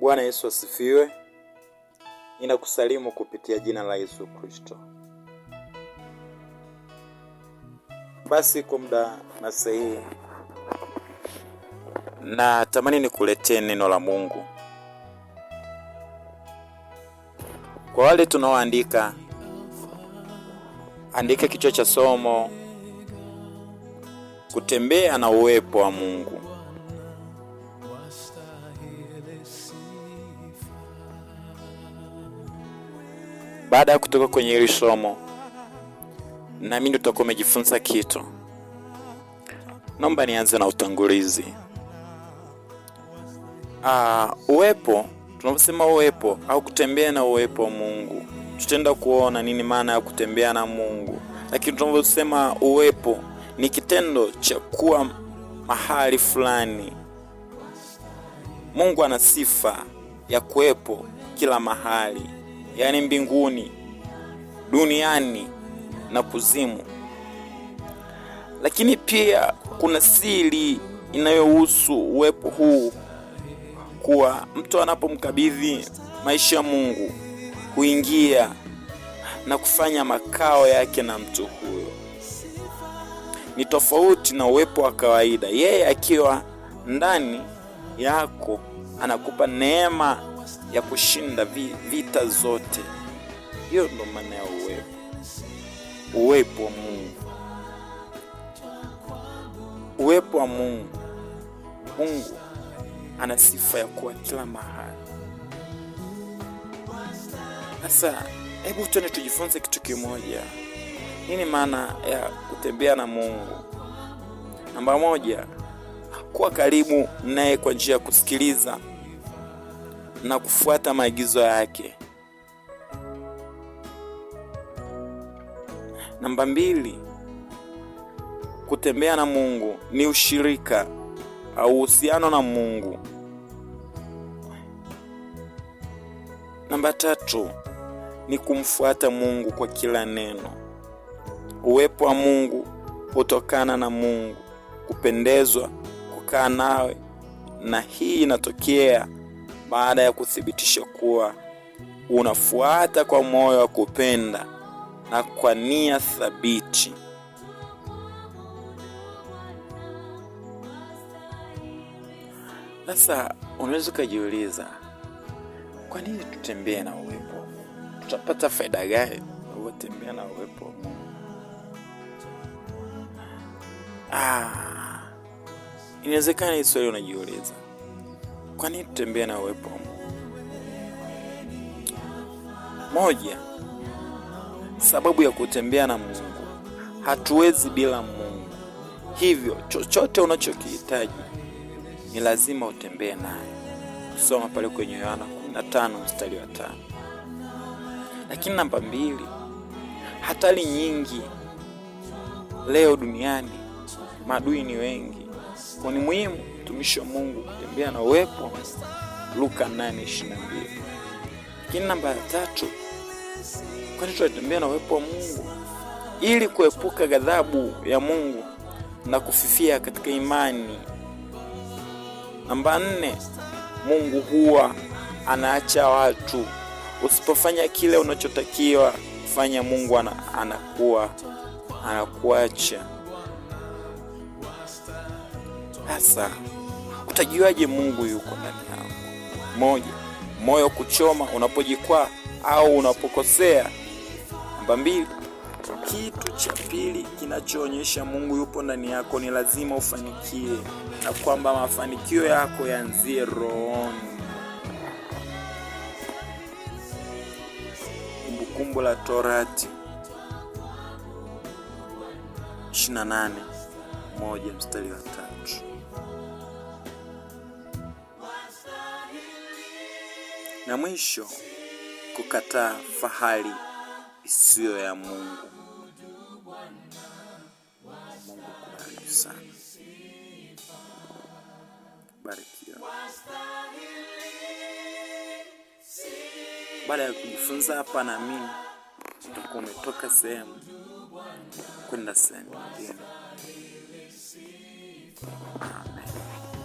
Bwana Yesu asifiwe. Ninakusalimu kupitia jina la Yesu Kristo. Basi kwa muda na sahihi, na tamani nikuletee neno la Mungu kwa wale tunaoandika andika kichwa cha somo, kutembea na uwepo wa Mungu. Baada ya kutoka kwenye hili somo, mimi utakuwa umejifunza kitu. Naomba nianze na utangulizi. Aa, ah, uwepo, tunaposema uwepo au kutembea na uwepo wa Mungu, tutaenda kuona nini maana ya kutembea na Mungu, lakini tunaposema uwepo ni kitendo cha kuwa mahali fulani. Mungu ana sifa ya kuwepo kila mahali yaani mbinguni, duniani na kuzimu. Lakini pia kuna siri inayohusu uwepo huu, kuwa mtu anapomkabidhi maisha ya Mungu huingia na kufanya makao yake na mtu huyo. Ni tofauti na uwepo wa kawaida. Yeye akiwa ndani yako anakupa neema ya kushinda vita zote. Hiyo ndo maana ya uwepo, uwepo wa Mungu, uwepo wa Mungu. Mungu ana sifa ya kuwa kila mahali. Sasa hebu tuende tujifunze kitu kimoja. Nini maana ya kutembea na Mungu? Namba moja, kuwa karibu naye kwa njia ya kusikiliza na kufuata maagizo yake. Namba mbili, kutembea na Mungu ni ushirika au uhusiano na Mungu. Namba tatu ni kumfuata Mungu kwa kila neno. Uwepo wa Mungu hutokana na Mungu kupendezwa kukaa nawe, na hii inatokea baada ya kuthibitisha kuwa unafuata kwa moyo wa kupenda na kwa nia thabiti. Sasa unaweza ukajiuliza, kwa nini tutembee na uwepo? Tutapata faida gani uotembea na uwepo? Ah, inawezekana hii swali unajiuliza kwa nini tutembee na uwepo wa Mungu? Moja, sababu ya kutembea na Mungu, hatuwezi bila Mungu. Hivyo chochote unachokihitaji ni lazima utembee naye. Kusoma pale kwenye Yohana 15 mstari wa tano. Lakini namba mbili, hatari nyingi leo duniani, maadui ni wengi, kwa ni muhimu mtumishi wa Mungu kutembea na uwepo wa Luka 8:22. Lakini namba ya tatu, kwani tunatembea na uwepo wa Mungu ili kuepuka ghadhabu ya Mungu na kufifia katika imani. Namba nne, Mungu huwa anaacha watu. Usipofanya kile unachotakiwa kufanya, Mungu ana, anakuwa anakuacha hasa utajuaje Mungu yuko ndani yako? Moja, moyo kuchoma unapojikwaa au unapokosea. Namba mbili, kitu cha pili kinachoonyesha Mungu yupo ndani yako ni lazima ufanikie, na kwamba mafanikio yako yaanzie rohoni. Kumbukumbu la Torati 28 moja mstari wa tatu. na mwisho kukataa fahari isiyo ya Mungu. Mungu kubariki sana, barikiwa. Baada ya kujifunza hapa, na mimi utakuwa umetoka sehemu kwenda sehemu nyingine. Amen.